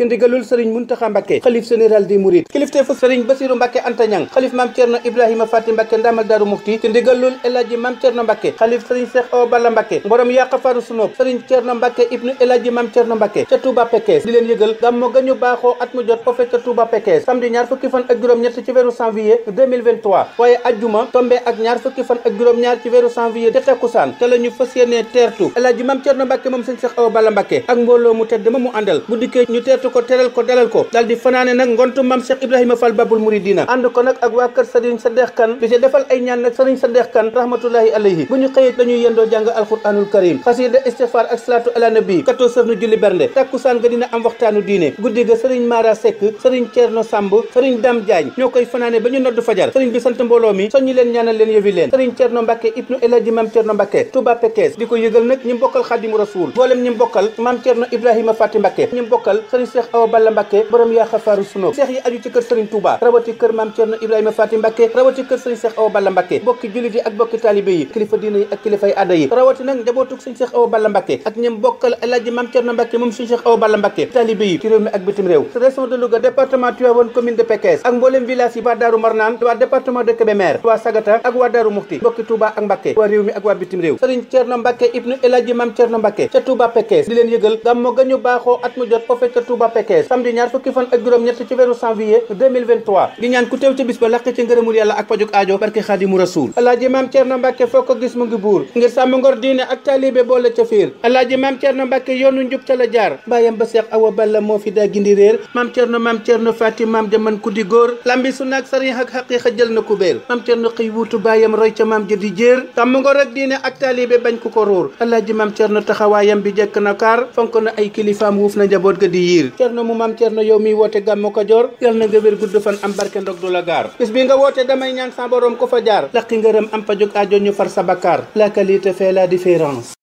ci ndigalul sëriñ Muntaxa Mbàkke xalif général des Mourides kilifteefu sëriñ Basiru Mbàkke Anta Ñang xalif maam Cerno Ibrahima Faati Mbàkke ndaamal Daaru Muxti ci ndigalul El Hadji maam Cerno xalif sëriñ Cheikh Awa Balla Mbàkke mborom yaaqa faru sëriñ Cerno Mbàkke ibnu El Hadji maam Cerno ca Touba Pekes di ñaar fukki fan ak juróom ñett ci weeru janvier 2023 waaye ajjuma tombe ak ñaar fukki fan ak juróom ñaar ci weeru janvier te takkusaan te la ñu fas teertu El ma ko teral ko dalal ko dal di fanaane nag ngontu mam cheikh ibrahima fall babul muridina and ko nak ak wa keur serigne sadekh kan bi ci defal ay ñaan nak serigne sadekh kan rahmatullahi alayhi buñu xeyet dañuy yendo jang alquranul karim xasida istighfar ak salatu ala nabi 14 heures julli bernde takusan ga dina am waxtanu dine guddi ga serigne mara sek serigne cierno sambu serigne dam jaañ ñoo fanane bañu noddu fajar serigne bi sant mbolo mi soñu len ñaanal len yëfi len serigne cierno ibnu elaji mam cierno mbàkke touba pekes di yegal nak ñim bokal mbokkal rasul bolem ñim bokal mam cierno ibrahima fati mbàkke ñi bokal cheikh awa balla mbàkke borom ya xafaaru sunóob cheikh yi aju ci keur serigne touba rawati keur mam cerno ibrahim faati mbàkke rawati keur serigne cheikh awa balla mbàkke bokki jullit yi ak bokki taalibé yi kilifa diina yi ak kilifay aada yi rawati nak njabootug serigne cheikh awa balla mbàkke ak ñam bokkal aladji mam cerno mbàkke mum serigne cheikh awa balla mbàkke taalibé yi ci réew mi ak bitim rew région de Louga département Tivaouane commune de Pekes ak mbolem village yi badaru marnan wa département de Kébémer wa sagata ak wa daru mukti bokki touba ak mbàkke wa réew mi ak wa bitim rew serigne cerno mbàkke ibnu elaaji mam cerno mbàkke ca touba Pekes di leen yëgal gàmmo gañu baxo at mu jot foofe ca touba Touba Pekes samedi ñaar fukki fan ak juróom ñett ci weeru janvier 2023 di ñaan ku teew ci bis ba làq ci ngërëmul yàlla ak pajuk aajo barke xaadimu rasuul alaaji maam Cerno Mbàkke foo ko gis mu ngi buur ngir sàmm diine ak taalibe boole ca fiir alaaji maam Cerno Mbàkke yoonu njub ca la jaar bàyyam ba Seex Awa Balla moo fi daa gindi réer maam Cerno maam Cerno Faati maam jaman ku di góor jël na ku béer maam Cerno xëy wuutu bàyyam roy ca maam jëdi jéer sàmm ak diine ak taalibe bañ ku ko ruur alaaji maam Cerno taxawaayam bi jekk na kaar fonk na ay kilifaam wuuf na njaboot ga Cerno mu maam Cerno yow miy woote gàmmu Kajoor yal na nga wér gudd fan am barke ndog du la gaar bis bi nga woote damay ñaan sa borom ko fa jaar laqi ngërëm am pajug aajo ñu far sa bakkaar la qualité fait différence